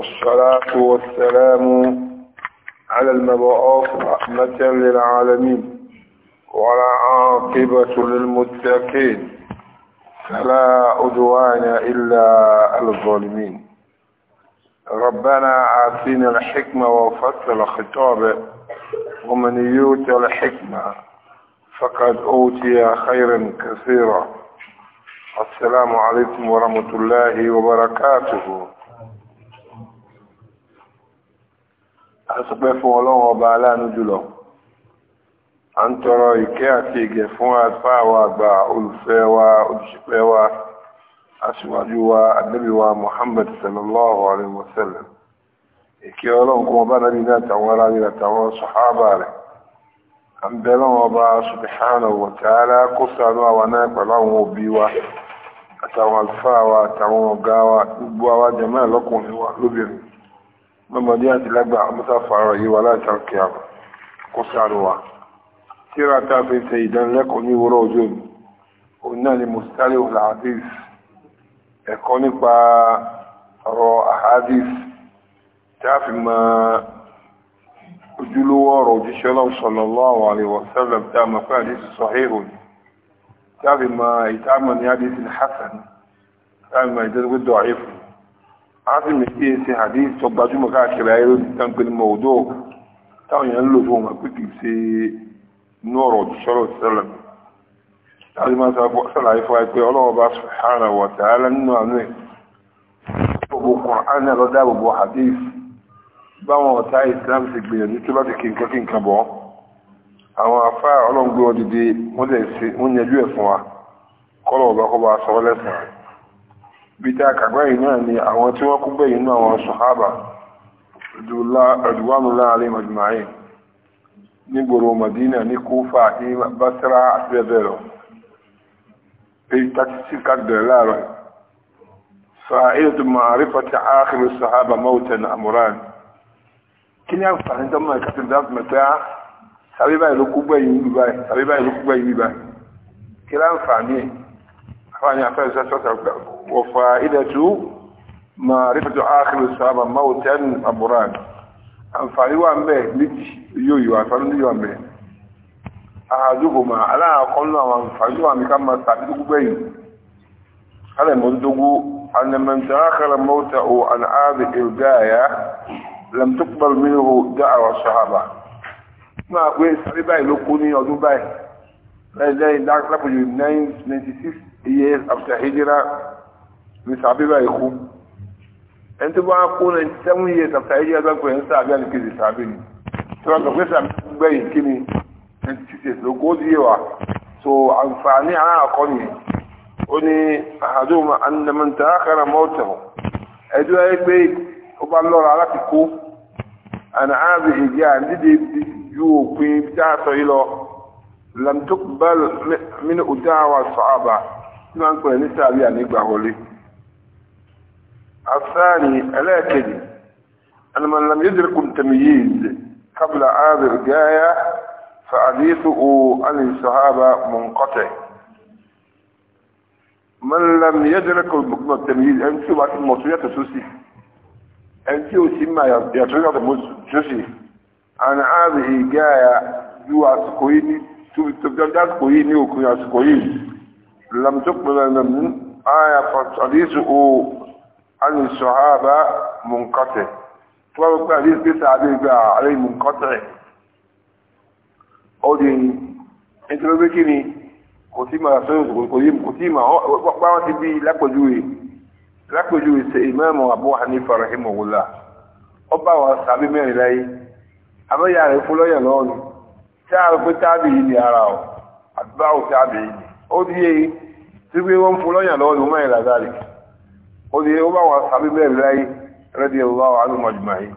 والصلاة والسلام على المبعوث رحمة للعالمين ولا عاقبة للمتقين فلا أدوان إلا الظالمين ربنا آتينا الحكمة وفصل خطابه ومن يوت الحكمة فقد أوتي خيرا كثيرا السلام عليكم ورحمة الله وبركاته asọpẹ́ fún ọlọ́run ọba aláàánú jùlọ a ń tọrọ ìkẹ́ àti ìgẹ̀ fún àfáà wa àgbà olùfẹ́ wa olùṣìpẹ̀ wa aṣíwájú wa ànábì wa Muhammad sallallahu alaihi wasallam ìkẹ́ ọlọ́run kọmọ bá nàbí náà tàwọn ará nílẹ̀ tàwọn wa àtàwọn àlùfáà wa àtàwọn ọ̀gá wa gbogbo àwa jẹ̀mọ́ lọ́kùnrin wa lóbìnrin mọ́mọdé àti lágbà ọmọsáfà ọ̀rọ̀ yìí wà láìsàn kìá kó sáré wa tíra tá a fi ṣe ìdánilẹ́kọ̀ọ́ ní ìwúrọ̀ ọjọ́ mi òun náà ni mustali al-hadith ẹ̀kọ́ nípa ọ̀rọ̀ ahadith tá a fi mọ ojúlówó ọ̀rọ̀ òjíṣẹ́ ọlọ́run àti mèjì ṣe hadith tó gbajúmọ̀ káàkiri ayé lórí tánkpé ní mọ̀ọ́dọ́ táwọn èèyàn ń lò fún wọn pé kì í ṣe inú ọ̀rọ̀ òjíṣọ́rọ̀ sẹ́lẹ̀ láti máa sàlàyé fún wa pé ọlọ́wọ́ bá subhanahu wa ta'ala nínú àánú ẹ̀ gbogbo Kùránì náà lọ́dá gbogbo hadith báwọn ọ̀tá Islam ti gbìyànjú tó bá ti kínkà kínkà bọ́ àwọn afá ọlọ́ngbé wọn dìde wọ́n yẹjú ẹ̀ fún wa kọ́lọ̀ ọ̀bá kọ́ bá sọ lẹ́sàn-án bíta kàgbáyìn náà ni àwọn tí wọ́n kú gbẹ̀yìn náà wọn sọ̀hábà ọdúnwánúlá alẹ́ mọ̀jùmáyìn ní gbòrò Madina ní Kúfà ní Basra àti bẹ́ẹ̀ lọ èyí tàkìsí kàgbẹ̀rẹ̀ láàrọ̀ fa'idatu ma'rifati akhir as-sahaba فأني أفعل ستة وفائدة معرفة آخر الصحابة موتا أبران أنفعلي وأمبه لج يويو أنفعلي وأمبه أحدهما على أقولنا وأنفعلي وأمبه كما سابقوا بين هذا منذ أن من تأخر موته عن هذه الغاية لم تقبل منه دعوة الصحابة ما أقول سري باي لو كوني أدو باي لا لا لا لا 1996 years after hijira ni sàbí báyìí kú ẹni tó bá kú ní seven years after hijira tó pè ní sàbí àlùkejì sàbí ni tó bá sọ pé sàbí gbẹ̀yìn kí ni twenty six ló kó díẹ̀ wá so àǹfààní àwọn àkọ́ni ó ní àdúgbò anamọ̀ntà àkàrà mọ́tò ẹjọ́ ẹ pé ó bá lọ́ra láti kú àná àbí ìjà dídé ju òpin tá a sọ yìí lọ lamtukbal min udawa sọ́ọ̀bà tí wọ́n ń pè ní tàbí ànígbà wọlé الثاني الاكدي أن من لم يدرك التمييز قبل هذه الجاية فحديثه عن الصحابة منقطع من لم يدرك التمييز أنت بعد الموصولية تسوسي أنت وسمى يترجع تسوسي عن هذه الجاية يو أسكويني تبدأ أسكويني وكوي أسكويني لم تقبل من آية فحديثه عن الصحابة منقطع طلب حديث بيت عليه بقى عليه منقطع أودي انت لو بكني كتيمة سيد قديم كتيمة وقبعت بي لكوجوي لكوجوي سإمام أبو حنيفة رحمه الله ọba wa sàbí mẹ́rin láyé àbẹ́yà rẹ̀ fún lọ́yẹ̀ lọ́rùn tí a rẹ̀ pé tábìlì ní ó di èyí tí pé wọ́n ń fún lọ́yàn lọ́wọ́ ló máa ń làdáàlì ó di èyí ó bá wọn sábẹ́ bẹ́ẹ̀ láyé rẹ́dí ọlọ́ àwọn ọmọdùmá yìí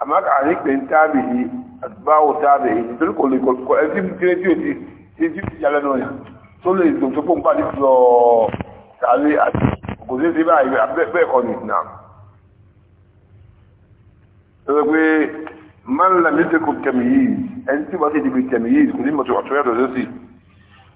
àmọ́ kà ní pé ń tábì yìí àtibáwò tábì yìí nítorí kò lè kọ ẹtí kéré tí o ti ti ti ti jalẹ́ lọ́yàn tó lè dùn tó pọ̀ ń pàdé lọ sáré àti kò sí sí báyìí bẹ́ẹ̀ kọ́ ní ìsìnà. pé máa ń làmì tẹ́kù tẹ̀mí yìí ẹni tí wọ́n ti dìbò tẹ̀mí yìí kò ní mọ̀tò ọ̀tún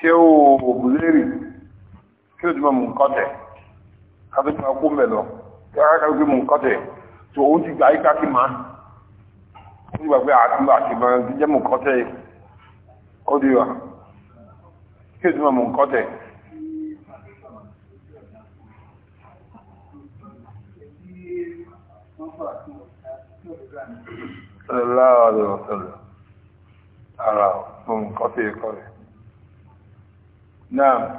ṣé o ògùnlérì kí o ti mọ mùkọ́tẹ̀ kátó ti máa kó mẹ́lọ kí ara kátó mùkọ́tẹ̀ tó o ti gbà yí ká sí ma o ti gbà pé àtúntò àti ìmọ̀ ti jẹ́ mùkọ́tẹ̀ ó di wa kí o ti mọ mùkọ́tẹ̀. Sallallahu alaihi wa sallam. mùkọ́tẹ̀ kọ́ نعم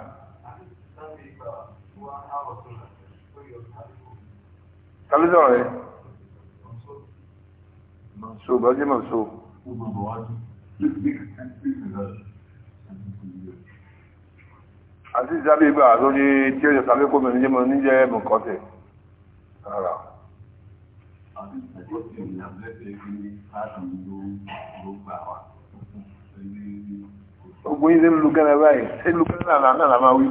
قال له منصوب هذه منصوب àti ìjábí ibà lórí tí ó yẹ tàbí kó mẹ́rin jẹ́ mọ́ ní jẹ́ ẹ̀bùn kan tẹ̀ rárá àti ìjọ́sìn ìyàbẹ́sẹ̀ ní ààrùn ló gbà wá gbogbo yìí lè lu gánà báyìí ṣé lu gánà náà náà máa wí.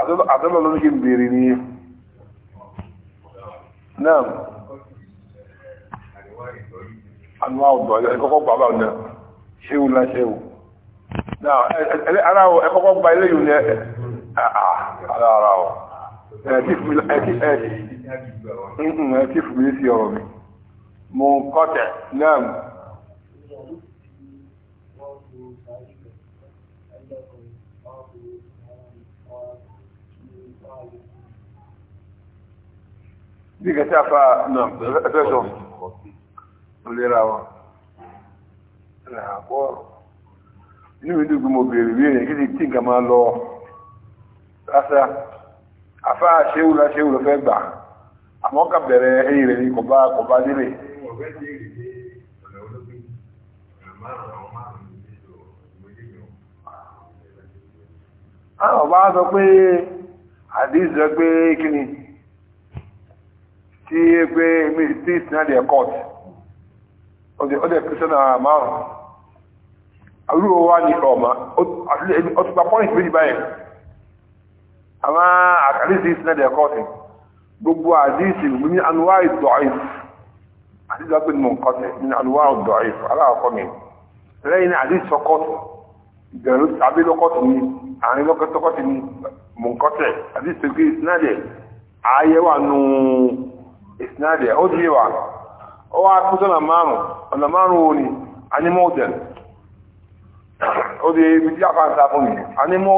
àtọ́lọ́ ló ní kí n béèrè ní náà àlùwà ọ̀dọ́ ẹ̀ kọ́kọ́ gbà bá ọ̀dọ́ ṣéwù ńlá ṣéwù náà ara ọ̀ ẹ̀ kọ́kọ́ gba ilé yìí ní ẹ̀ ara ara ọ̀ ẹ̀ kí fún mi ẹ̀ kí fún mi sí ọ̀rọ̀ mi mo kọ́tẹ̀ náà. Dígẹ̀ tí a fa náà ẹ̀fẹ́sọ̀ lera wọn. Ràpọ̀ inú mi dùn mo bèèrè bí èèyàn kìí tí nǹkan máa lọ lásà. Àfá ṣéwù láṣéwù lọ fẹ́ gbà. Àmọ́ kà bẹ̀rẹ̀ ẹ̀yìn rẹ̀ ní kọ̀bá kọ̀bá nílé. Àwọn ọba sọ pé àdìs rẹ pé kí ni tí é pé mi tí ìsìnàdì ẹ̀kọ́t ọdẹ kìrìsìnà márùn àrúwò wá ní ọmọ ó ti pa pọ́ìntì méjì báyìí àmá àkàlìsì ìsìnàdì ẹ̀kọ́t gbogbo àdìsì ní anúwà ìdọ̀ọ̀ì àdìsì rẹ pé mọ̀ nǹkan tẹ̀ ní anúwà ìdọ̀ọ̀ì aláàkọ́ mi lẹ́yìn àdìsì sọkọ́tù ìgbẹ̀rún tàbí lọ́kọ̀tì ni àárín lọ́kọ̀tì ni mọ̀nkọ́tẹ̀ àti ìsèké ìsinádẹ̀ ààyẹ̀wà nù ìsinádẹ̀ ó di wà ó wá márùn ọ̀nà márùn animal hotel ó di ibi tí àfáàǹsá fún mi animal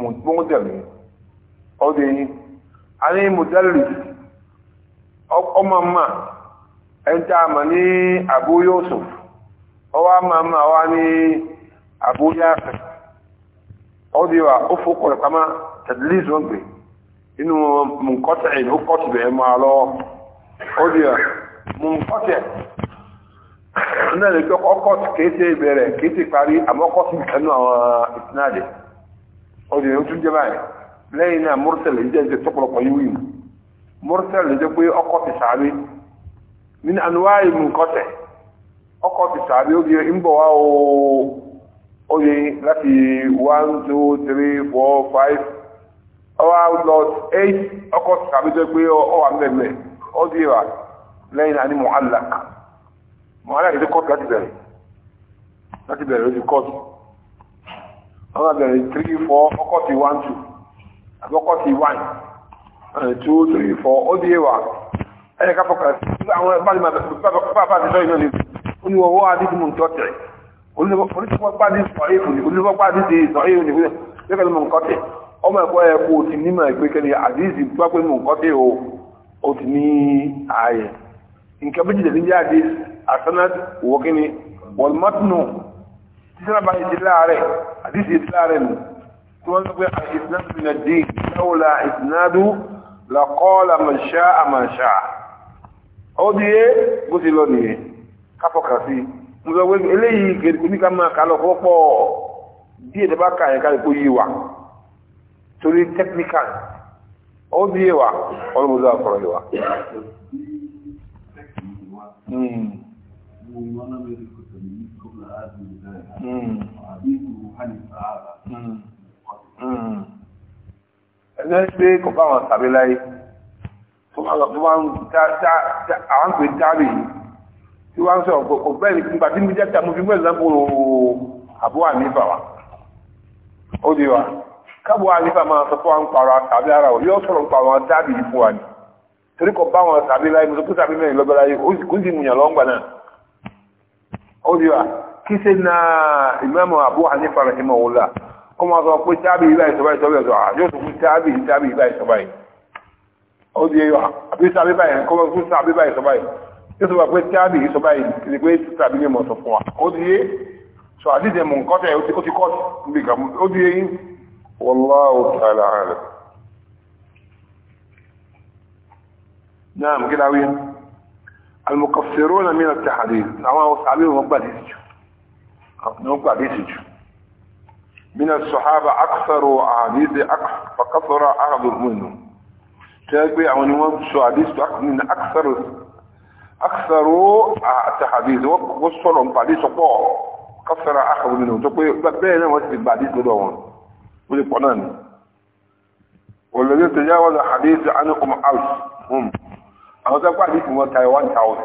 mọ̀tẹ́mí ọdẹ yìí a ní mọ̀tẹ́lì ọmọ mma ẹ̀ntà ma ní Abu Yusuf ọwá ma wá ní Abu Yasir ọdẹ wa ó fòkọ̀ ìpamá tẹ̀lẹ́sì wọn pè inú kọ́tù lọ ọdẹ wa mọ̀kọ́tẹ̀ náà lè parí àmọ́kọ́tù àwọn obìnrin ó tún jẹ́ báyìí lẹ́yìn náà mọ́rítẹ̀lẹ̀ jẹ́ ìjẹ́ tọ́pọ̀lọpọ̀ yíwì mu mọ́rítẹ̀lẹ̀ jẹ́ pé ọkọ ti sàábé nínú anuwáyé mu nkọ́tẹ̀ ọkọ ti sàábé obìnrin ń bọ̀ wá o obìnrin láti one two three four five ọwọ́ lọ eight ọkọ ti sàábé na àwọn àbẹ̀rẹ̀ three four ọkọ̀tì one two àbí one two three four ó di ewa ẹ̀yẹ ká fọkà àwọn bàbá àti sọ́yìn náà ni oníwọ̀wọ́ adídìmù tọ́tẹ̀ oníṣẹ́pọ̀pá ní sọ̀rọ̀ èfò ní oníṣẹ́pọ̀pá ní sọ̀rọ̀ èfò ní lẹ́kẹ̀ẹ́ mọ̀ nǹkan tẹ̀ ọmọ ẹ̀kọ́ ẹ̀kọ́ ti nímọ̀ ẹ̀gbẹ́ kẹ́ni àdíìsì tó pé mọ̀ nǹkan tẹ̀ o ó ti ní ààyè nǹkan méjì lè ní jáde àsánà wọ́kíní sísá bá yìí ti láàárẹ̀ àdìsí ti láàárẹ̀ nù tí wọ́n sọ pé àìsàn mi nà dín láwùlà ìsìnádú làkọ́ọ̀là màṣá àmàṣá ó di yé bó ti lọ nìyẹn káfọ́kà sí mo sọ pé eléyìí kèrìkù ní ká máa kà lọ fọ́pọ̀ díẹ̀ tó bá kà yẹn ká lè kó wa torí technical ó di yé wa ọlọ́mọdé wa kọ̀rọ̀ yé wa. Hmm. Hmm. Hmm. ẹgbẹ́ pé kò bá wọn tàbí láyé tó máa lọ fún àwọn pè dáàbì tí wọ́n ń sọ kò bẹ́ẹ̀ ní gbàtí ní jẹ́ta mo fi mẹ́rin lápò àbúwà nífà wa ó di wa kábùwà nífà máa sọ fún àwọn pàrọ̀ tàbí ara ò yóò sọ̀rọ̀ pàrọ̀ àwọn dáàbì fún wa ni torí kò bá wọn tàbí láyé mo sọ pé tàbí mẹ́rin lọ́gbẹ́ láyé ó sì mú yàn lọ́ngbà náà ó di wa kí ṣe na ìmáàmù Abu Hanifa rahimahullah kó máa sọ pé tábì ibà ìsọ̀bá ìsọ̀bá ìsọ̀ àjọ́ sọ pé tábì tábì ibà ìsọ̀bá yìí ó di ẹyọ àbí tábì báyìí kó máa sọ tábì báyìí ìsọ̀bá yìí yóò sọ pé tábì ìsọ̀bá yìí kìí pé tábì ní mọ̀ sọ fún wa ó di yé sọ ó di yé wallahu ta'ala alam naam kí láwí al-mukaffiruna min at-tahdid àwọn نوقع بيسج من الصحابة أكثر عديد أكثر فكثر عدد منهم تابع عنوان سعديس من أكثر أكثر التحديث وصلهم بعديس قوة كثر أخذ منهم تقول بين وسط بعديس بدون ولقنان والذين تجاوز حديث عنكم ألف هم أنا تقول حديث من تايوان تاوزن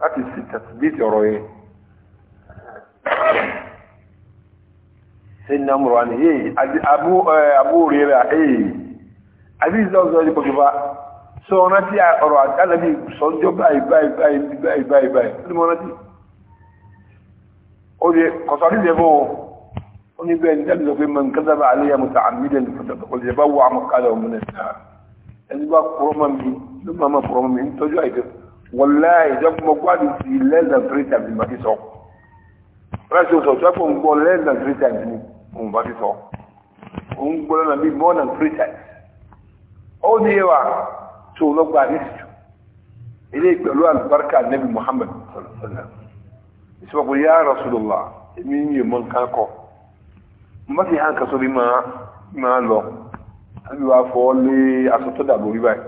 láti sì tẹ̀síbíìtì ọ̀rọ̀ yẹn sai na murwa ne eh abu abu rera eh aziz zo zo ko ba so na ti ọ̀rọ̀ alabi so jo báyìí báyìí báyìí báyìí báyìí báyìí mo na ti o de ko so ri de bo o ni be ndal zo pe man kadaba alayya muta'ammidan fataqul yabawa maqalahu min an-nar en ba ko man bi ma ma ko man to jo ai wọláì ìjọpọ̀ gbádùn sí less than three times ìgbà tí sọ rẹ́sì oṣù ọ̀tọ́pọ̀ ń gbọ́ less than three times ní òun bá ti sọ òun gbọ́ lọ́nà bí more than three times ó ní ẹwà tó lọ́gbà ní ìsìtú ilé pẹ̀lú alùbáríkà nẹ́bí Muhammad ìsọ̀pọ̀ yá Rasulullah èmi ń yè mọ́ kọ́ mo hàn kan sórí máa lọ àbí wàá fọ́ lé aṣọ tó báyìí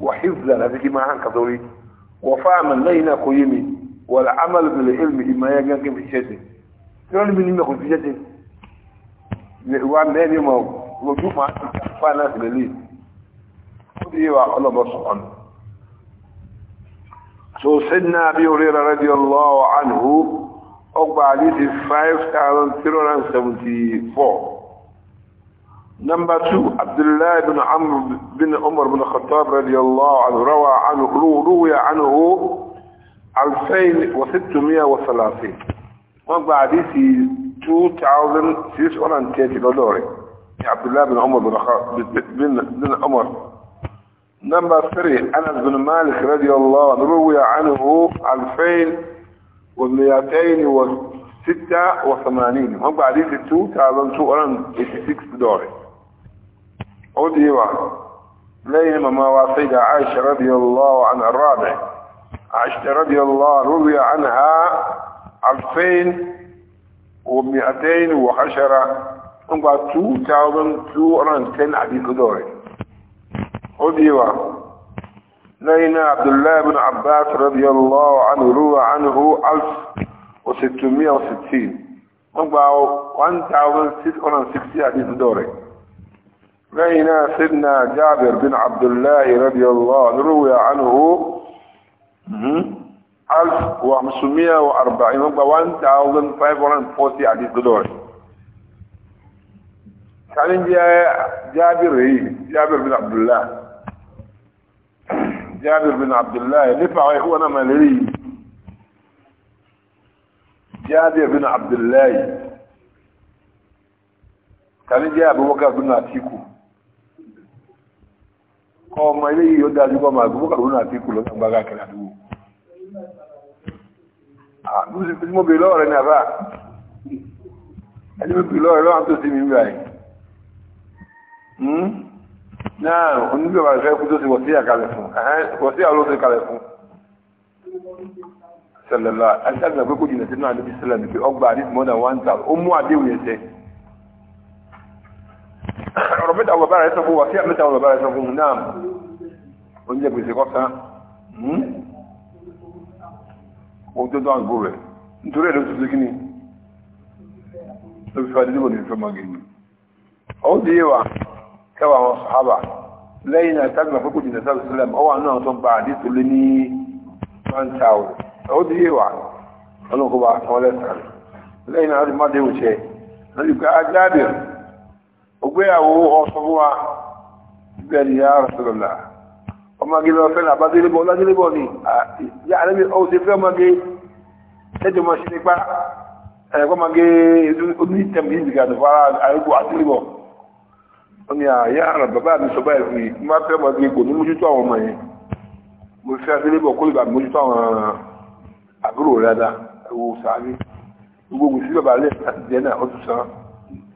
وحفظا هذه ما عن كذوري وفهما لينا قيمي والعمل بالعلم إما يجنك في شده يقول من يمك في شده وعمل يوم وجوب ما فانا سبلي ودي الله سبحانه so سيدنا ابي هريره رضي الله عنه اقبل حديث 5374 نمبر 2 عبد الله بن عمرو بن عمر بن الخطاب رضي الله عنه روى عنه روي عنه 2630 وقع حديث 2630 دولار عبد الله بن عمر بن بن بن عمر نمبر 3 انس بن مالك رضي الله عنه روي عنه 2286 وقع حديث 2286 دولار أوديوا لين مما وافيدا عائشة رضي الله عن الرابع عائشة رضي الله روي عنها ألفين ومئتين وحشرة. وعشرة نبقى 2210 عدي كدوري أوديوا لينا عبد الله بن عباس رضي الله عنه روى عنه ألف وستمائة وستين نبقى 1660 عدي كدوري بين سيدنا جابر بن عبد الله رضي الله عنه روي عنه 1540 1540 حديث دولار كان جابر جابر بن عبد الله جابر بن عبد الله نفع هو انا مالي جابر بن عبد الله كان جابر وقع بن عتيكو ọmọ ilé yìí ó dájú kọ́ máa gbogbo kàrún àti kù lọ́sàn gbága kẹrẹ àdúgbò àbúrú sí mo bèèrè lọ́wọ́ rẹ̀ ní àbá ẹni mo bèèrè lọ́wọ́ rẹ̀ lọ́wọ́ tó sí mi rà yìí hmm? náà onígbàgbà rẹ̀ kú tó sì wọ̀ sí àkàlẹ̀ fún wọ̀ sí ọ̀rọ̀ mẹ́ta wà bára ẹ̀sọ́ fún wa sí àmẹ́ta wà bára ẹ̀sọ́ fún náà oúnjẹ gbèsè kọ́ta hmm? ohun tó dán àgbò rẹ̀ nítorí ẹ̀lọ́ tuntun kí ni ló fi fàdé níbo ní ìfẹ́ mọ́gì ni ó di yíwa kẹwàá àwọn sàhábà lẹ́yìn náà tàbí ma fẹ́kù jìnà sábà sílẹ̀ ọwà náà tó bá àdé tó lé ní mantaw ó di yíwa ọlọ́kọ̀ bá sọ́ọ́lẹ̀ sàn lẹ́yìn náà á ti má dé òṣè lọ́dún ká á jábìrì ògbéyàwó ọ̀sọ̀wọ́wà bẹ̀rẹ̀ ya rasulullah ọmọge lọ fẹ́ làbádélébọ̀ ládélébọ̀ ni ya alẹ́bí ọ̀sẹ̀ fẹ́ ọmọge ẹjọ́ mọ́ sí nípa ẹ̀kọ́mọge onítẹ̀mí ìgbà nìfàrà àrígbò àtìlébọ̀ ó ní àyà àrà bàbá mi sọ báyìí fún yìí má fẹ́ ọmọge kò ní mójútó àwọn ọmọ yẹn mo fẹ́ àtìlébọ̀ kó ìgbà mójútó àwọn àbúrò rẹ̀ dáa ẹ̀wọ̀ sáré gbogbo ògùn sí bàbá alẹ́ àti jẹ́ náà ó tún sàn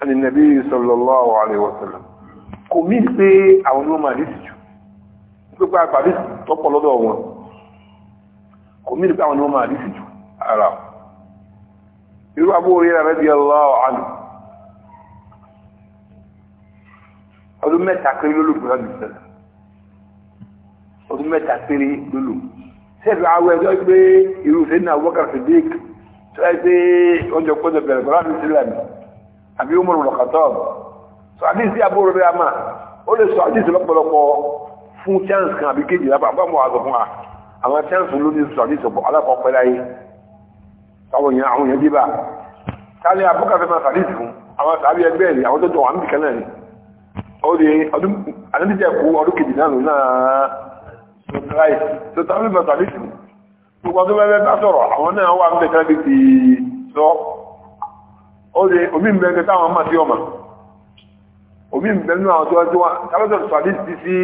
ẹni nàbí sallallahu alaihi wasallam kò mí pé àwọn ní wọ́n máa lẹ́sì jù pípa àgbàdì tọ́pọ̀ lọ́dọ̀ wọn kò mí pé àwọn ní wọ́n máa lẹ́sì jù ara irú Abu Hurairah radiyallahu anhu ọdún mẹ́ta kéré lólu gbọ́dọ̀ ọdún mẹ́ta kéré lólu àbí Umar al-Khattab sọ àdìsí àbúrò rẹ̀ àmà ó lè sọ àdìsí lọ́pọ̀lọpọ̀ fún chance kan àbí kejì lápá àbámọ̀ àzọ̀ fún wa àwọn chance ló ní sọ àdìsí ọ̀pọ̀ alákọ̀ọ́pẹ́ láyé táwọn èèyàn àwọn èèyàn débà kálí abúkàfẹ́ máa sàdìsí fún àwọn sàbí ẹgbẹ́ ẹ̀ àwọn tó jọ wà ń bìkan náà ni ó lè ọdún àdìsíjẹ́ kú ọdún kejì náà lòun náà sọtàlì sọtàlì máa oye omi mbẹ́gbẹ́ táwọn ọmọ sí ọmọ omi mbẹ́gbẹ́ àwọn tó wájú wá tábẹ́sọ̀ sọ̀dí ti sí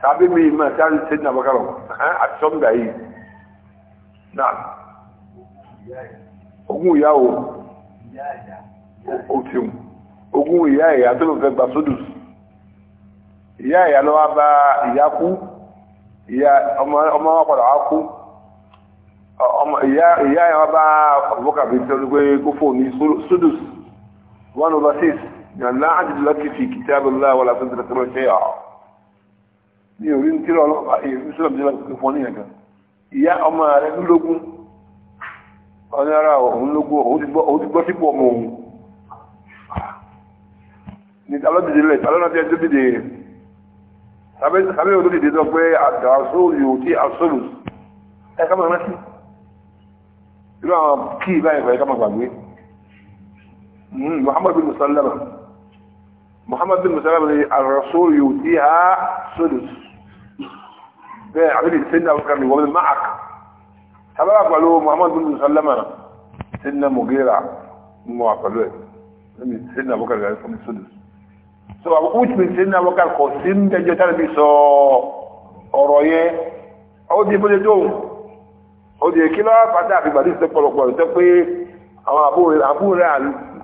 sàbí mi ìmọ̀ sáré sẹ́yìn àbákàrọ̀ àti sọ́mdà yìí náà ogún ìyáwó o ti mú ogún ìyá ìyá tó ló fẹ́ gbà sódù ìyá ìyá lọ́wọ́ bá ìyá kú ìyá ọmọ wa padà wá kú ọmọ ìyá ẹ̀ wọ́n bá ọ̀bọ́kà bí tẹ́lú pé kó fò ní sudus one over six ní aláàjì lọ́kì fi kìtà abúlá wà látọ́ tẹ́lẹ̀ tẹ́lẹ̀ ṣe ọ̀ ní orí ń kílọ̀ ọlọ́pàá ìrìn sílẹ̀ bí lọ́kì fún ní ẹ̀gàn ìyá ọmọ rẹ̀ ń lógún ọ̀nà ara òun lógún òun ti gbọ́ sípò ọmọ òun ní alọ́dìdì lẹ̀ alọ́nà tí ẹjọ́ dìde sàbẹ́ òun tó dìde sọ pé àdàsó yòó tí asólù ẹ̀ ká máa rántí irú àwọn kí báyìí fẹ́ kama gbàgbé hmm, muhammad bin musallama muhammad bin musallama ni arasol yóò di ha sodus bẹ́ẹ̀ àbí ní sẹ́ni àwọn kan wọ́n máàk sábàbà pẹ̀lú muhammad bin musallama sẹ́ni mugira mọ́ àpẹ̀lú ẹ̀ sẹ́ni àwọn kan wọ́n sodus so àwọn kúùtù sẹ́ni àwọn kan kọ̀ sí òdì èkí lọ́wọ́ pàtàkì àti gbàdí ìṣẹ́ pọ̀lọpọ̀ ìṣẹ́ pé àwọn àbúrò rẹ̀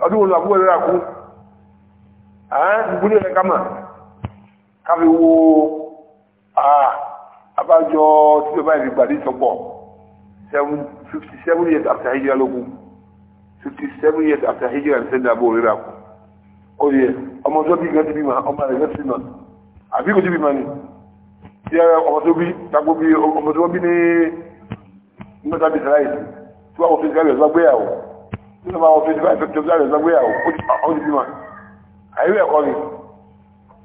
ọdún olú àbúrò rẹ̀ kú àwọn gbogbo rẹ̀ kama káfí wo àbájọ tí ó bá ìrìn gbàdí ìṣọ́pọ̀ 57 years after hijira lógún 57 years after hijira ní sẹ́ndà àbúrò rẹ̀ kú òdì ọmọ tó bí gẹ́gẹ́ bí ma ọmọ rẹ̀ gẹ́gẹ́ bí ma àbí kò tí bí ma ni tí ọmọ tó bí ní nígbà tábí israel tí wọ́n fi israel lọ gbéyàwó tí wọ́n fi israel tó israel lọ gbéyàwó ó ti bímọ àìrí ẹ̀kọ́ ni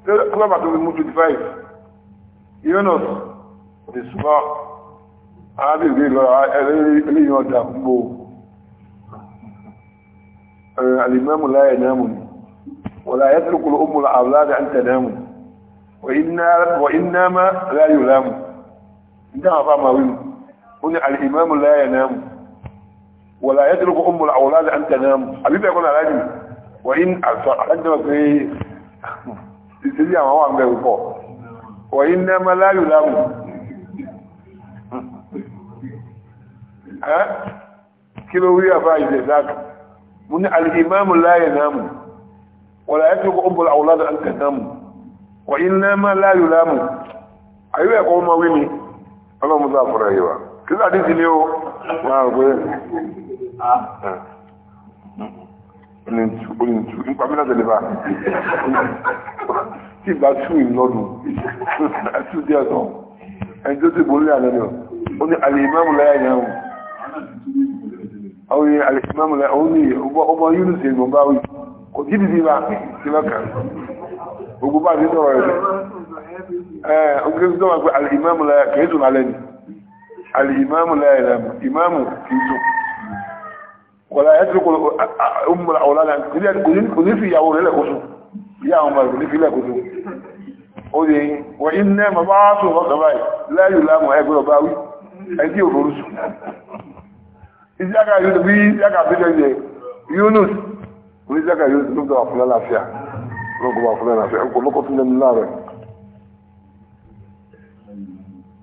kílọ̀mà tó fi mú 25 yunus ti súnmọ́ arábìnrin lọ eléyìn ọjà gbogbo alimẹ́mù láyẹ̀ náàmù ni wọ́n láyẹ̀ tí kúrò ó múra àwọ̀láàdà ń tẹ̀lẹ́mù wọ́n iná mọ́ láyẹ̀ láàmù ní قل الإمام لا ينام ولا يدرك أم الأولاد أن تنام حبيبي يقول على أجل وإن أحدنا في السيدي ما هو عم بيقول وإنما لا يلام ها كيلو هي فايدة ذاك من الإمام لا ينام ولا يترك أم الأولاد أن تنام وإنما لا يلام أيوة يقول ما ويني أنا مضاف رأيوه kí ló àdíjì ah. ní o máa gbé olùtù nípa mílá tẹ̀lébà tí ìgbà tún ìlọ́dún ẹ̀tù díẹ̀ tán ẹni tó ti borí àlẹ́ lọ ó ní alìmọ́mù láyà yẹn o àwọn alìmọ́mù láyà ó ní ọmọ yúnus èèyàn bá wí kò tí bìbí bá ti bá kà gbogbo bá ti sọ̀rọ̀ ẹ̀ ẹ̀ ọgbẹ́ sọ́wọ́ pé alìmọ́mù láyà kẹ́ẹ̀dùn alẹ́ ni الإمام لا يلام إمام كيسو ولا يترك أم الأولاد كذي في يعور لك وصو يا عمر كذي في لك وصو ودي وإنما بعض الغضباء لا يلام أبو باوي أنتي وفرسو إذا يدبي إذا كان يونس وإذا كان يونس نبدأ فلان أفيا نبدأ فلان أفيا نقول لكم من النار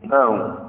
نعم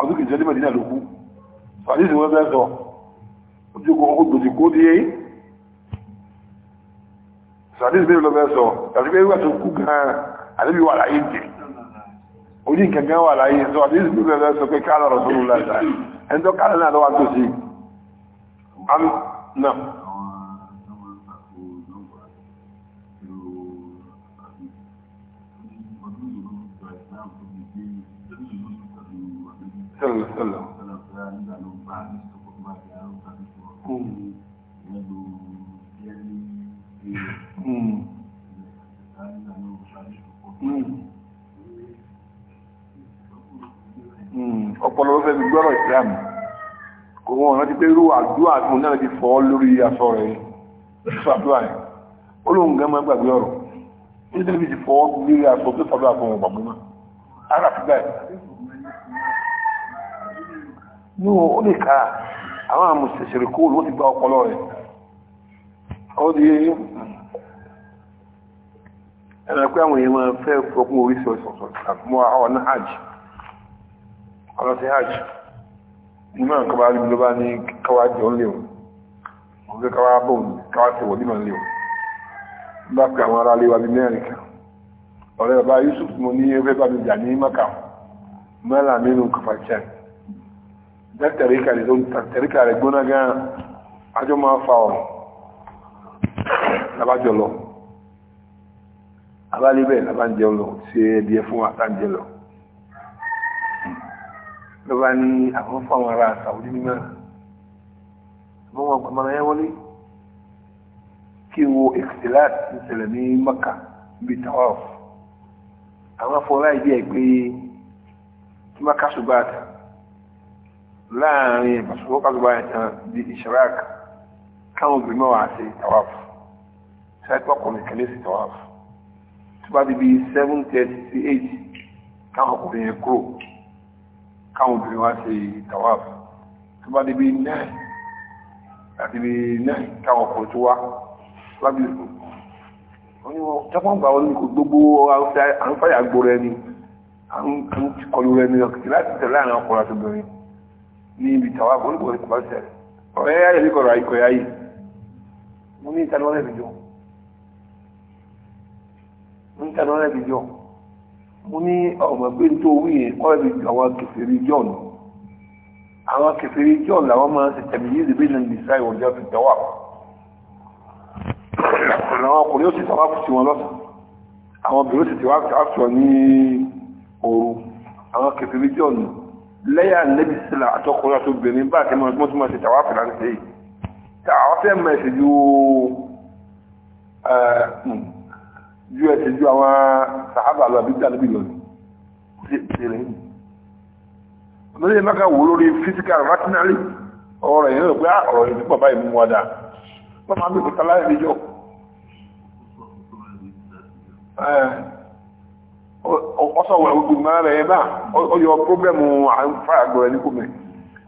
ọdún kìí jẹ́lé mẹ́dínà ló kú fàdísì wọ́n bẹ́ẹ̀ sọ ojú kò ó gbòdì kó díé fàdísì mẹ́rin ló bẹ́ẹ̀ sọ tàbí pé wà tó kú gan àdébí wà láyé jẹ orí nǹkan gan wà láyé sọ fàdísì mẹ́rin ló bẹ́ẹ̀ sọ pé káàlọ̀ rọ̀ sọ́run láìsà ẹni tó káàlọ̀ náà lọ́wọ́ tó sí sọ̀rọ̀ sọ̀rọ̀. ọpọlọ fẹ́ fi gbọ́rọ̀ ìsìlámù kò wọ́n rántí pé irú àdúrà tó náà ti fọ́ lórí aṣọ rẹ̀ fàdúrà rẹ̀ olóhùn gan máa gbàgbé ọ̀rọ̀ nítorí ti fọ́ lórí aṣọ tó fàdúrà fún ọgbàgbọ́n náà ara fi báyìí n'o o lè ka àwọn àmùsẹ̀sẹ̀rẹ̀ kó ló ti gba ọpọlọ rẹ̀ ó di ẹ̀rọ àwọn èèyàn máa fẹ́ fọkún oríṣi ọ̀sọ̀ọ̀sọ̀ àkúmọ́ àwọn náà hajj hajj ní máa kọba rí ní ń tẹ́tẹ̀ríkà rẹ̀ tó tẹ̀ríkà rẹ̀ gbóná gan ajọ́ máa na ọ̀rọ̀ labájọ́ lọ abálébẹ̀ labájọ́ lọ sí ẹbí ẹ fún àtàjẹ́ lọ ló bá ní àwọn fáwọn ará sàwọ́dí mímọ́ wọ́n wọ́n gbàmọ́ ẹ wọlé kí wo ìfìlát ìṣẹ̀lẹ̀ ní mọ́kà bíi tawaf àwọn afọlá ìdí ẹ̀ pé kí má kásùbáàtà láàrin ìbàṣọ́ kásùgbà ìtàn di ìṣirak káwọn obìnrin mọ́ wà sí tàwáfù ṣẹ́pọ̀kùnrin kẹlẹ́ sí tàwáfù tó bá di bí 7:38 káwọn ọkùnrin yẹn kúrò káwọn obìnrin wá sí tàwáfù tó bá di bí 9 àti bí 9 káwọn ọkùnrin tó wá lábí oníwọ̀n jápọ̀ǹgbà wọn ní kò gbogbo ní ibi tàwa gbogbo ìkọ̀bá sẹ́rẹ̀ ọ̀rẹ́ ayé mi kọ̀rọ̀ ayíkọ̀ ayé mo ní ìtanúwọ́lẹ̀ ìjọ mo ní ìtanúwọ́lẹ̀ ìjọ mo ní ọmọ pé tó wí yẹn kọ́ ẹ̀bí àwọn kẹfẹ́rí john àwọn kẹfẹ́rí john làwọn máa ń ṣe tẹ̀mí yìí lè bí lè ní sáyẹn ọjọ́ fi tọ́wà àwọn ọkùnrin ó sì tọ́wà kù sí wọn lọ́sàn àwọn obìnrin ó sì tọ́wà kù sí wọn ní òru àwọn kẹfẹ́rí john lẹ́yà nẹ́bí sílá àtọkùnrin àti obìnrin bá àti ẹmọ tó máa ṣe tàwa fìlànà sí ta àwọn fẹ́ mọ̀ ẹ̀sìn ju ju ẹ̀sìn ju àwọn sàhábà lọ àbí dàbí lọ sí ìṣẹ̀lẹ̀ yìí ọmọdé yẹn máa wò lórí physical rationally ọ̀rọ̀ yẹn rẹ̀ pé ah, ọ̀rọ̀ yẹn púpọ̀ báyìí mú wa dáa wọ́n máa ń ọsọ̀wọ̀ ẹ̀wọ̀gbùn máa rẹ̀ ẹ̀bá ọyọ pọ́blẹ̀mù àgbẹ̀rẹ̀ ní kòmẹ̀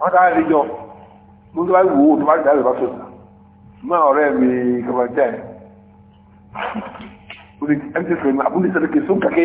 wọ́n tàà rí jọ mú tó bá wù ú tó bá jà lọ́pàá tó máa ọ̀rẹ́ mi kọ̀wà jẹ́ ẹ̀mí sọ̀rọ̀ àbúlé sọ̀rọ̀ kì sún kàkẹ́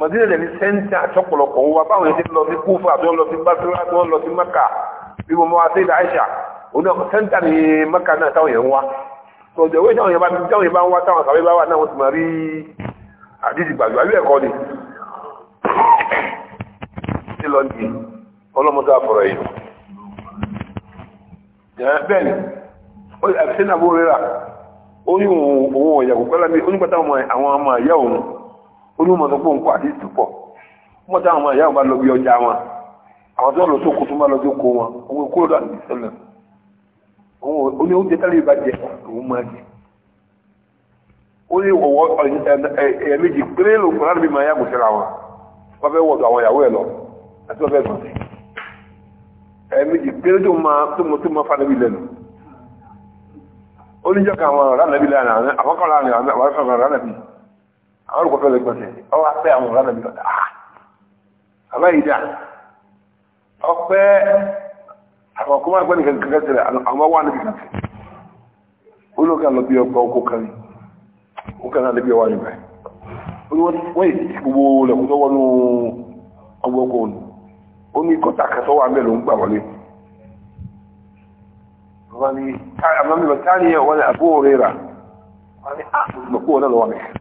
Madina dẹ̀ ní sẹ́ńtà àtọ́pọ̀lọpọ̀ wa báwọn ẹni lọ sí Kúfà tó lọ sí Basra tó lọ sí Maka bí mo mọ́ àti o oní ọkọ̀ sẹ́ńtà ní Maka náà táwọn yẹn ń wá tọ̀jọ̀ wé táwọn yẹn bá táwọn yẹn bá ń wá táwọn àkàwé bá wà náà wọ́n ti máa rí àdìsí gbàgbé àbí ẹ̀kọ́ ni sí lọ ní ọlọ́mọdé àfọ̀rọ̀ yìí bẹ́ẹ̀ ni àfisẹ́ náà bó rẹ́ra ó ní òun òun ọ̀yà kò pẹ́lá bí onígbàtà àwọn ọmọ ìyá òun onímọ̀ tó pọ̀ ń kọ́ àti ìtúpọ̀ wọ́n táwọn ọmọ ìyá wọn bá lọ bí ọjà wọn àwọn tó lọ sóko tó bá lọ sóko wọn òun kúrò lọ àti ìṣẹ̀lẹ̀ òun ò ní oúnjẹ tálẹ̀ bá jẹ òun máa jẹ ó ní ọwọ́ ẹ̀yẹ méjì péré ló kọ́ láti bí máa yàgò síra wọn wọ́n fẹ́ wọ̀dọ̀ àwọn ìyàwó ẹ̀ lọ àti wọ́n fẹ́ gbọ̀n ẹ̀yẹ méjì péré tó máa tó mọ tó máa fa níbi lẹ́nu ó ní jọ́ ka àwọn ọ̀rá nàbí lẹ́nu àwọn kọ́ àwọn olùkọ́ fẹ́ gbọ́sẹ̀ ọwọ́ apẹ́ àwọn ọ̀rọ̀ mi lọ́dà ah, àbá yìí dà ọpẹ́ máa kankan sílẹ̀ àwọn lọ bí ọkọ̀ kan ní ọwọ́ wọ́n gbogbo wọnú ọkọ̀ òun ó ní kọ́tà wà mẹ́lò ń gbà wọlé wọ́n ni ah, lọ táníyà ni àbúrò rẹ̀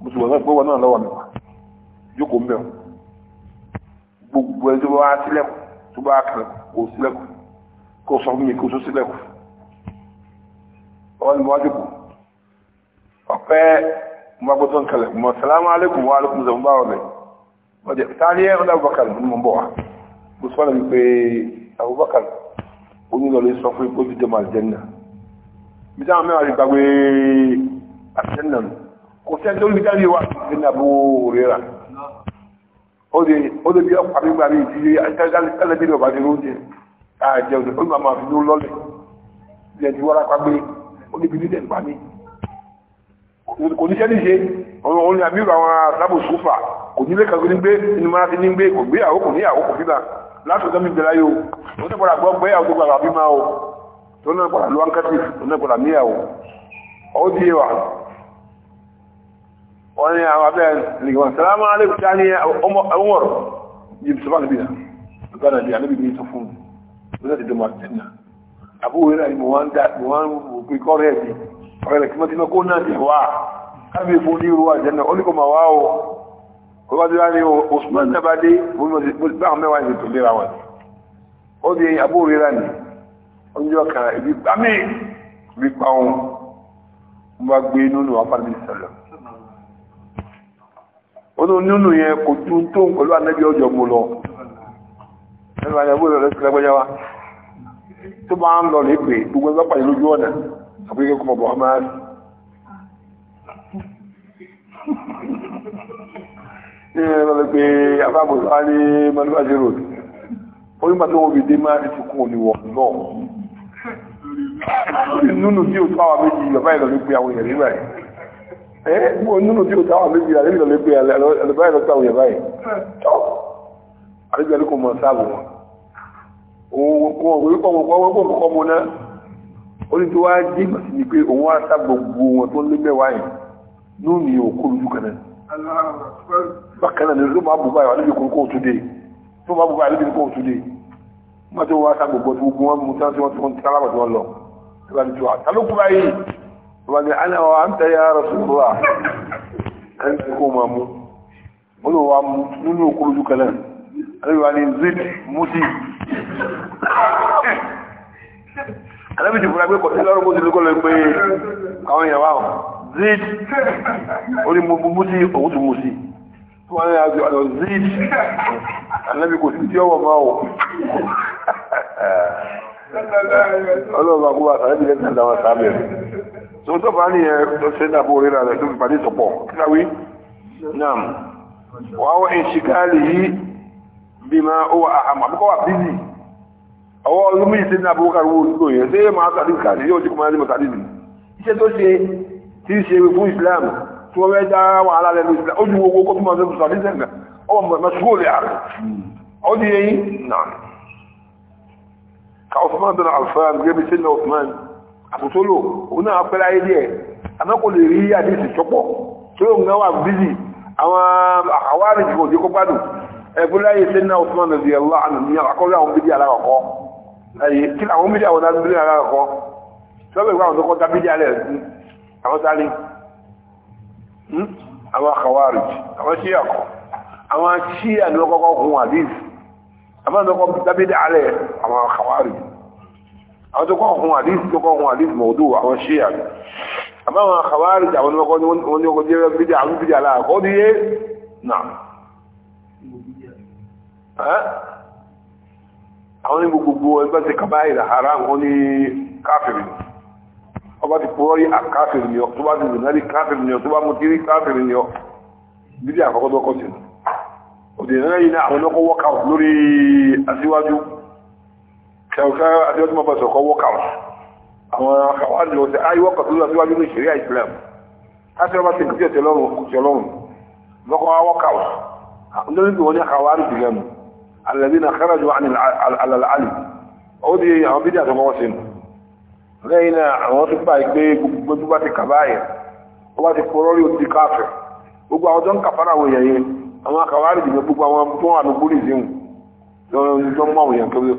mùsùlùmí náà pé wọn náà lọ́wọ́ mi wá jókòó ń bẹ̀ wọ́n gbogbo ẹjọ́ bá wá sílẹ̀kùn tó bá kàn kó sílẹ̀kùn kó sọ fún mi kó tó sílẹ̀kùn ọwọ́ ni mo wá jókòó ọ̀pẹ́ mo bá gbọ́dọ̀ nkẹlẹ̀ mọ̀ sàlámù alẹ́kùn wa alẹ́kùn zẹ̀ mo bá ọ̀rẹ́ wọ́n jẹ́ táyé ọ̀dà Abubakar ni mo bọ̀ wá mo sọ lẹ́nu kò sí ẹjọ́ lórí dárí wa nínú àbú rírà ó lè bí ọkọ̀ àbígbà rí ìdílé tẹ́lẹ̀bílẹ̀ ọ̀bá ní oúnjẹ ààjẹ òdè ó máa fi ní lọ́lẹ̀ bí ẹni wọ́n rápá gbé ó níbi nílẹ̀ ń pa mí kò níṣẹ́ níṣe òun ni àbí àwọn arábò sùfà kò nílé kan ní gbé inú máa ti ní gbé kò gbé àwọn kò ní àwọn kò fílà láti ọjọ́ mi bẹ̀rẹ̀ yóò ó ní padà gbọ́ pé àwọn tó gbàgbà bí máa o tó náà padà lọ́wọ́ ń kẹ́tì tó náà padà níyàwó ó di wa wọ́n ní àwọn abẹ́ nìkan sàlámù alẹ́kùn tí a ní ọmọrọ̀ yìí sọ́bà níbi náà sọ́bà níbi àníbi ní sọ fún mi lọ́sẹ̀ tó máa tẹ̀lé náà àbúrò rẹ̀ ni mo wá ń dá mo wá ń pè kọ́ rẹ̀ bí ọ̀rẹ́ rẹ̀ kí wọ́n ti mọ́ kó náà ti wá kábíyè fún ní ń jọ mo bá gbé nínú apá mi onu nínú yẹn kò ju tó ń pẹ̀lú ànẹ́bí ọjọ́ mú lọ ẹnu àyẹ̀wò rẹ̀ lẹ́gbẹ̀yà wa tó bá ń lọ lẹ́gbẹ̀ gbogbo ẹgbẹ́ pàdé lójú ọ̀nà àpéjẹ́ kọmọ bọ̀ ọmọ rẹ̀ ní ẹgbẹ́ pé afábòsá ní manúbàjẹ́ road ó ní pàtó wọn bìdé máa ti kún òníwọ̀ náà nínú tí ó tó àwọn méjì bàbá ìlọ ló àwọn èèyàn ẹ mú nínú tí o táwọn méjì rà nílò lépè àlùbá ẹ̀rọ táwọn yẹn báyìí tọ́ àlejò ẹni kò mọ̀ sáàbù wọn òun kò wọ́n kọ́ wọn kọ́ wọn kọ́ kọ́ mọ náà ó ní tí wọ́n á dé màsí ni pé òun á sá gbogbo wọn tó ń lépè wáyé ní òní òkú lójú kan náà bákan náà ní ló máa bù báyìí àlejò kò kó tún dé tó máa bù báyìí àlejò kò tún dé má tó wọ́n á sá gbogbo tó gbogbo wọn mú tí wọ́n ti wọ́n ti wọ́n ni ana wa an tẹ́yà rasulullah kan ti kó ma mú wọ́n wa mú ní okúrú jù kanáà alábi wa ni zid muti alábi ti fura pé kọ̀ sí lọ́rọ̀ mọ́sílẹ̀ kọ́ lọ pé àwọn èèyàn wáhùn zid orí muti òwútu muti tí wọ́n yà jọ àlọ́ zid alábi kò sí tí ọwọ́ máa ọlọ́run akúbà sàrẹ́bì lẹ́sìn àdáwọn sábẹ̀rẹ̀ tó tó bá ní ẹ ṣe ń dàbò rírà rẹ̀ tó fi pàdé sọ̀pọ̀ kíláwí náà wà wọ́n ìṣìkáàlì yìí bí máa ó wà àhàmà àbúkọ́ wà bízì ọwọ́ olúmí ṣe ń dàbò kàrú òṣùgbò yẹn ṣé máa tàbí kàrí yóò jẹ́ kó máa ní mọ̀tàdí nì iṣẹ́ Islam tí wọ́n fẹ́ dá wàhálà Islam ó ju owó kó tó máa fẹ́ sọ̀rí sẹ́ńgà ọwọ́ mọ̀ṣúgbòlì àrẹ ó di yẹn náà ka Osman bin Affan gẹ́gẹ́ sinna Osman àkótólò òun náà pẹ́lá ayé àmọ́ kò lè rí àdéhùn ìṣọ́pọ̀ tó lóun náà wà bízì àwọn àwárí jù òjò kọ́gbádùn ẹgbẹ́láyé sẹ́nà Usman nàbí ẹ̀lá àmì àkọ́lé àwọn bídí alákọ̀ọ́kọ́ ẹ̀yẹ kí àwọn bídí àwọn bídí alákọ̀ọ́kọ́ sọ́bẹ̀ ìgbà àwọn tó kọ́ta bídí alẹ́ àwọn sáré hmm? àwọn àkàwárí àwọn sí àkọ́ àwọn sí àdókọ́kọ́ kun àdíf àwọn àdókọ́ dábídí alẹ́ àwọn tó kọ́ ọ̀hún àdìsí tó kọ́ ọ̀hún àdìsí mọ̀ọ́dù àwọn ṣíyà àbáwọn àkàwárí àwọn ọkọ̀ ní wọ́n ní ọkọ̀ jẹ́ bídí àwọn bídí aláàkọ́ ní yé náà àwọn ní gbogbo ẹgbẹ́ ti kàbá ìlà haram wọ́n ní káfìrì ọba ti pọ́ rí àkáfìrì ni ọ tó bá ti rìn náà rí káfìrì ni ọ tó bá mú ti káfìrì ni ọ bídí àkọ́kọ́ tó kọ́ sí ọdún ìrìnlẹ́yìn náà àwọn ọkọ̀ wọ́kà lórí aṣíwájú kẹwàá adéwọ́tí máa bá sọ̀kọ́ wọ́kàwọ́ àwọn àwárí lọ sí ayé wọ́kà tó lọ́wọ́ síwájú ní ìṣẹ̀rí islam láti ọba ti kìí ọ̀tẹ̀ lọ́rùn ọ̀tẹ̀ lọ́rùn lọ́kọ́ wọ́kàwọ́ lórí bí wọ́n ní àwárí ti gẹ̀mù alẹ́bí na kẹ́rẹ́jù alàlàlì ó di àwọn bídí àtọkọ́ sí mu lẹ́yìn náà àwọn tó gbà pé gbogbo bá ti kàbá yẹ ó bá ti kúrọ́ rí òtí káfẹ́ gbogbo àwọn tó ń kàfàrà wọ̀ yẹ̀yẹ àwọn àkàwárí ti gbogbo àwọn tó wà lókúrì sí mu lọ́wọ́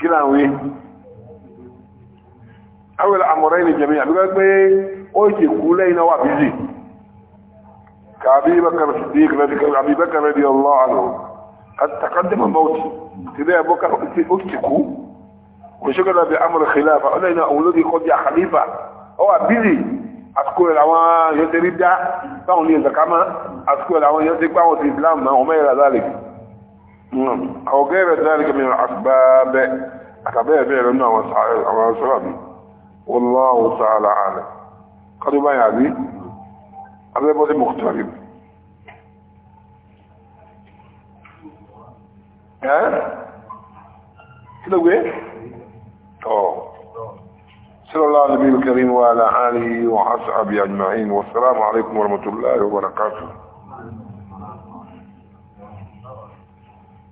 kila wi awel amrayn jami'a bi gbe o ti kula ina wa bizi ka abi bakar siddiq radiyallahu abi bakar radiyallahu anhu qad taqaddama mawt tibe bakar ti uktiku ko shugala bi amr khilafa alaina awladi qad ya khalifa o bizi àsìkò rẹ̀ àwọn yóò ti rí dá báwọn ní ìzàkámá àsìkò rẹ̀ àwọn yóò ti gbáwọn ti Islam náà ọmọ ìrà zálẹ̀ نعم. أو غير ذلك من الأسباب أتبع فعل النوع والسبب والله تعالى أعلم قد ما يعني هذا بدي مختلف. ها كده وين اه صلى الله على النبي الكريم وعلى آله وأصحابه أجمعين والسلام عليكم ورحمة الله وبركاته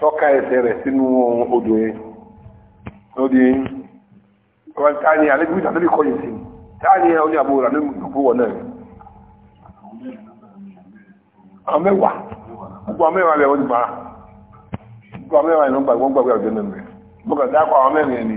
sọ́ka ẹsẹ̀ rẹ̀ sínú odò yẹn lóde wọn tani alẹ́gbẹ́ ìtàn lórí kọ́yìn sí tani ọ ní àbúrò àlẹ́ ìgbòho wọn náà àwọn mẹ́wàá gbogbo àwọn mẹ́wàá rẹ̀ wọ́n ti bá gbogbo àwọn mẹ́wàá rẹ̀ wọ́n gbàgbọ́ gbàgbọ́ àjọ náà rẹ̀ gbogbo àdáko àwọn mẹ́rin ẹni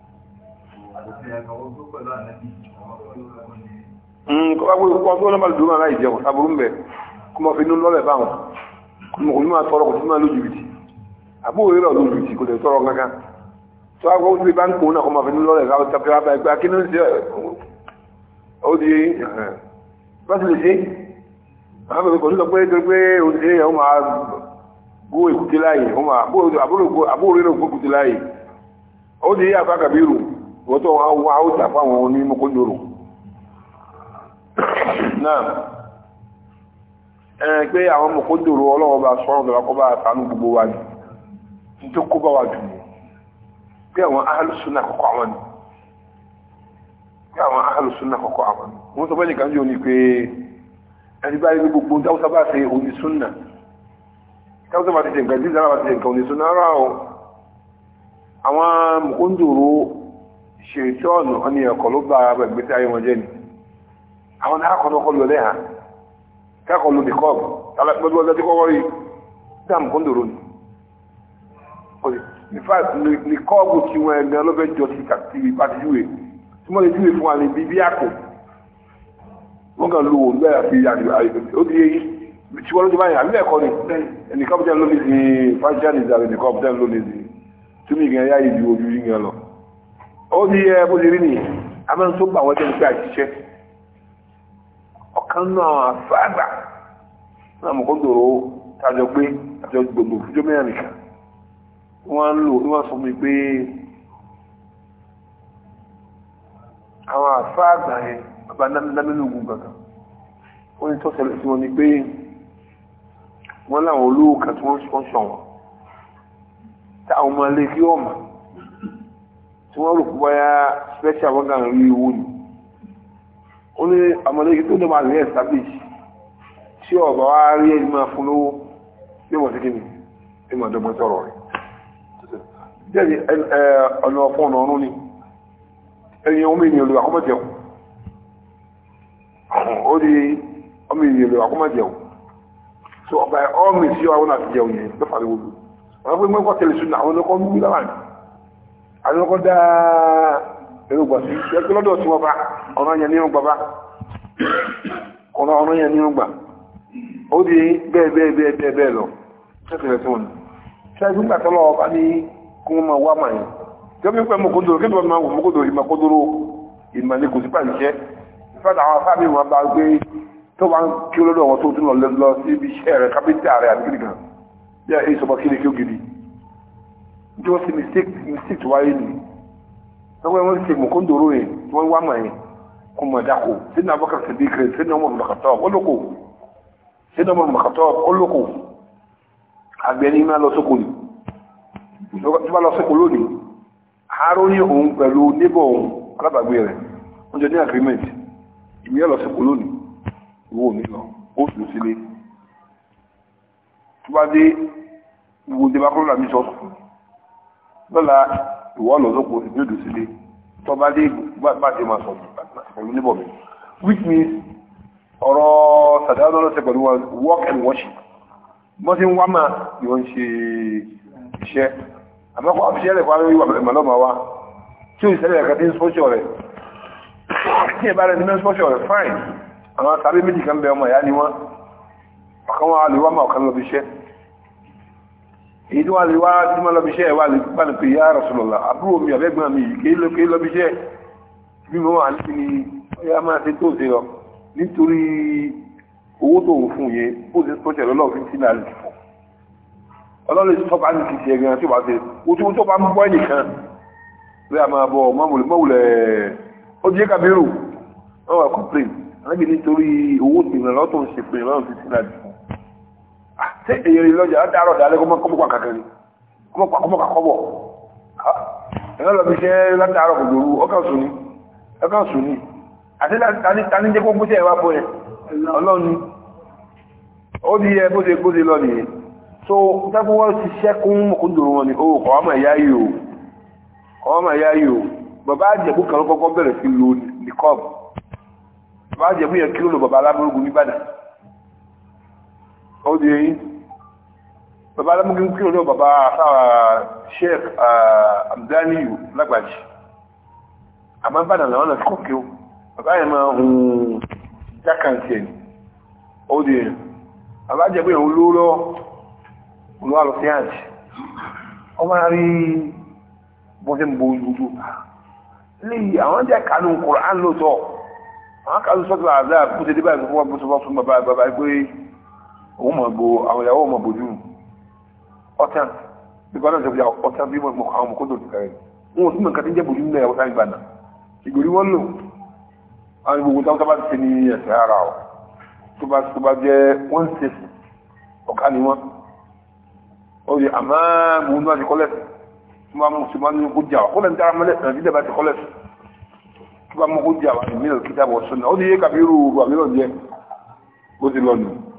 kọ́ba gbé kọ́ tó lọ́mọ dùn aláì jẹun aburú ń bẹ̀ kó mọ̀ fi inú lọ́lẹ̀ bá wọn kó mọ̀ kó ní máa tọrọ kó tó máa lójú bìtì àbúrò rẹ̀ lọ lójú bìtì kò tẹ̀ tọrọ kankan tó a kọ́ gbé báńkì òun náà kó mọ̀ fi inú lọ́lẹ̀ bá wọn tàbí wá bá ẹgbẹ́ akínú sí ọ di bá ti lè ṣe àwọn bèbè kò ní sọ pé torí pé òun ṣe wọ́n tó wá wá ó tà fáwọn onímọ̀kójòrò náà ẹ̀rìn pé àwọn mọ̀kójòrò ọlọ́wọ́ bá sọ́rọ̀ lọ́kọ́bá àtàánú gbogbo wa jù tó kó bá wa jù pé àwọn ahàlùsúnà kọ́kọ́ àwọn ni pé àwọn ahàlùsúnà kọ́kọ́ àwọn ni wọ́n sọ bẹ́ẹ̀ nìkan jù pé ẹni bá rí gbogbo dáwọ́sá bá ṣe onísúnà dáwọ́sá bá ti ṣe nǹkan bá ti ṣe nǹkan onísúnà rárá o àwọn ṣètọ́ọ̀nù wọn ni ẹ̀kọ́ ló bá ara bẹ̀ gbé táyé wọn jẹ́ ni àwọn náà kọ́nọ́kọ́ lọ lẹ́hà kẹ́kọ̀ọ́ lóde kọ́ọ̀bù pẹ̀lú ọjọ́ tí kọ́kọ́ rí dáàmù kọ́ndòrò ni in fact ní kọ́ọ̀bù tí wọ́n ẹ̀mí ọlọ́fẹ́ jọ sí kàtí ìpàdé júwe tí wọ́n lè júwe fún wa ní bíbí àpò wọ́n kàn lu òun bẹ́ẹ̀ àti ó di eyín tí wọ́n ló ti báyìí àmì ẹ̀kọ́ ni ẹnì kọ́ọ̀bù tẹ́ ló ní sí fáṣíà nìjà rẹ̀ nìkọ́ọ̀bù tẹ́ ló ní sí túmí ìgbìyànjú ayé ju ojú yíyan lọ ó ní ẹ bó lè rí nìyẹn a máa ń tó gbà wọ́n jẹ́ nípa àṣìṣe ọ̀kan náà àwọn àfáàgbà náà mọ̀kó dòrò tàjọ pé àjọ gbogbo fújọ́ mẹ́rin nìkan wọ́n ń lò wọ́n sọ mi pé àwọn àfáàgbà yẹn bàbá lámínú ogun gangan wọ́n ní tọ́sẹ̀lẹ̀ sí wọn ni pé wọ́n láwọn olóòkà tí wọ́n ń ṣọ̀wọ́n táwọn ọmọ ilé kí wọ́n mọ̀ tí wọ́n rò púpọ̀ ya special wọ́n gan rí owó ni ó ní àmọ́lẹ́yìn tó lè máa rí establish tí ọ̀bá wá rí ẹni máa fún lówó bí wọ́n ti kí ni ẹ máa dọ́gbọ́n sọ̀rọ̀ rẹ̀ jẹ́ni ọ̀nà ọ̀fọ́ ọ̀nà ọ̀run ni ẹni ọmọ ènìyàn lò àkọ́mọ̀jẹun ó di ọmọ ènìyàn lò àkọ́mọ̀jẹun so ọ̀bá ọmọ ìṣíọ́ àwọn àtijẹun yẹn lọ́fà lówó lò wọ́n pẹ́ mẹ́kọ́ tẹ̀lé sùn àwọn ọkọ̀ ń wí láwàní àlọ́kọ́ dáa èrògbà sí ẹgbẹ́ lọ́dọ̀ tí wọ́n bá ọ̀nà yẹn ní ọgbà bá ọ̀nà ọ̀nà yẹn ní ọgbà ó di bẹ́ẹ̀ bẹ́ẹ̀ bẹ́ẹ̀ bẹ́ẹ̀ bẹ́ẹ̀ lọ ṣẹ́sẹ̀rẹ̀ tó ní ṣẹ́gun gbà tọ́lọ́ ọba ní kí wọ́n máa wá mà yẹn tí wọ́n fi pẹ́ mọ́kódóró kí wọ́n máa wò mọ́kódóró ìmọ̀kódóró ìmọ̀lẹ́ kò sí pàǹṣẹ́ ìfẹ́ta àwọn afáàmì wọn bá gbé tó wá ń kí olódò wọn tó tún lọ sí ibi iṣẹ́ rẹ̀ kápẹ́tà rẹ̀ àbí gidi kan bí ẹ̀ sọ́bọ̀ kí ni kí ó gidi tí wọ́n ṣe mistake mistake wáyé nìyí lọ́wọ́ wọn ṣe mọ̀kóńdòrò yẹn tí wọ́n wá mọ̀ yẹn kò mọ̀ dáko sínú abọ́kà sẹ́dí kiri sínú ọmọ mọ̀kàtọ́ ọlọ́kọ̀ sínú ọmọ mọ̀kàtọ́ ọlọ́kọ̀ àgbẹ̀ ní máa lọ sóko ni tí wọ́n lọ sóko lónìí àárọ̀ ní òun pẹ̀lú níbọ̀ òun alábàgbé rẹ̀ wọ́n jọ ní agreement ìwé ẹ̀ lọ sóko lónìí ìwọ ò ní lọ ó sùn sílé tí wọ́n dé ìwòdìbákọ́lá mi sọ́kùn lọ́la ìwọ lọ sóko ìjọdọ̀ sílé tọ́ba dé bá ti máa sọ pẹ̀lú níbọ̀ mi which means ọ̀rọ̀ sàdáwọ́ lọ́sẹ̀ ṣe pẹ̀lú work and worship bọ́n ti ń wá máa yọ ń ṣe iṣẹ́ àmọ́kọ́ àfiṣẹ́ rẹ̀ fún àwọn ìmọ̀lọ́mọ̀ wa tí ó ìṣẹ́lẹ̀ ẹ̀kẹ́ tí ń sọ́ṣọ́ rẹ̀ kí ẹ bá rẹ̀ nínú sọ́ṣọ́ rẹ̀ fine àwọn tàbí méjì kan bẹ ọmọ ìyá ni wọ́n ọ̀kan wọn alùwámà ọ̀kan lọ́bíṣẹ́ èyí tí wọ́n lè wá tí wọ́n lọ́bi iṣẹ́ wà lè bá lè pè ya Rasulullah àbúrò mi àbẹ́gbọ́n mi kéé lọ́bi iṣẹ́ bí mo wà ní ni ọ̀yà máa ṣe tó ṣe lọ nítorí owó tó ń fún yẹn ó ti tọ́jà lọ́lọ́ fi ti náà lè fọ́ ọlọ́lẹ̀ tó bá ní kìí ṣe gan tó bá ṣe o tí wọ́n tó bá ń bọ́ ẹnìkan ló yà máa bọ̀ mọ́wùlẹ̀ mọ́wùlẹ̀ ó jẹ́ kàbírù wọ́n wà kọ́pìrì alágbèdè nítorí owó tó ń lọ́tọ̀ ń ṣe pé lọ́rùn ṣé èyàn lè lọ́jà látàárọ̀ dálẹ́ kó mọ́kọ́ kàkẹ́ ni kọ́mọ́kà kọ́bọ̀ ẹ̀rọ lọ́bi iṣẹ́ látàárọ̀ kò dòru ọkàn sùn ni ọkàn sùn ni àti tani jẹ́ kó gbóṣẹ́ ìwà fún ẹ ọlọ́ni ó di ẹ bó ṣe bó ṣe lọ nìyẹn so tẹ́kùn wọ́n ti ṣẹ́kùn mọ̀kúndòrò wọn ni ó kọ́ ọmọ ẹ̀yá yìí o kọ́ ọmọ ẹ̀yá yìí o bàbá àjẹ̀kú kan kọ́kọ́ bẹ̀rẹ̀ sí lo nìkọ́ọ̀bù bàbá àjẹ̀kú yẹn kí ló lo bàbá alámúrúgùn nígbàdàn ó di eyín bàbá alámúgí kí ló bàbá àfáwà sheik amdaniyu lágbàjì àmọ́ bàdàn làwọn náà kọ́ kí ó bàbá yẹn máa hun jákàntì ẹ̀ ó di ẹ̀ bàbá jẹ́ pé òun lóró òun wà lọ sí àjì ó máa rí bọ́n tẹ́ ń bo gbogbo léyìí àwọn jẹ́ kánú Kùránì lóòótọ́ àwọn kánú sọ́tọ̀ àdáà kó dé báyìí fún wa bó tó fún bàbá bàbá òun mọ̀ bo àwọn ìyàwó mọ̀ bojú ọ̀tán ìgbàlá ìjọba ọ̀tán bí wọn àwọn mọ̀kọ́dọ̀ ti kàrẹ́ wọn ò tún nǹkan tí ń jẹ́ bòjú nílẹ̀ ọ̀tán ìgbà náà ìgbòrí wọn lò àwọn gbogbo táwọn tábà ti ní ẹ̀sẹ̀ ara ọ̀ tó bá tó bá jẹ́ wọ́n ṣe ọ̀ká ni wọ́n ó yẹ àmọ́ mo ń bá ti kọ́lẹ̀ tó bá mo ti máa ní kó jà wá kọ́lẹ̀ ń dára mọ́lẹ̀ tàn sí dẹ̀bá ti kọ́lẹ̀ tó bá mo kó jà wá ìmílẹ̀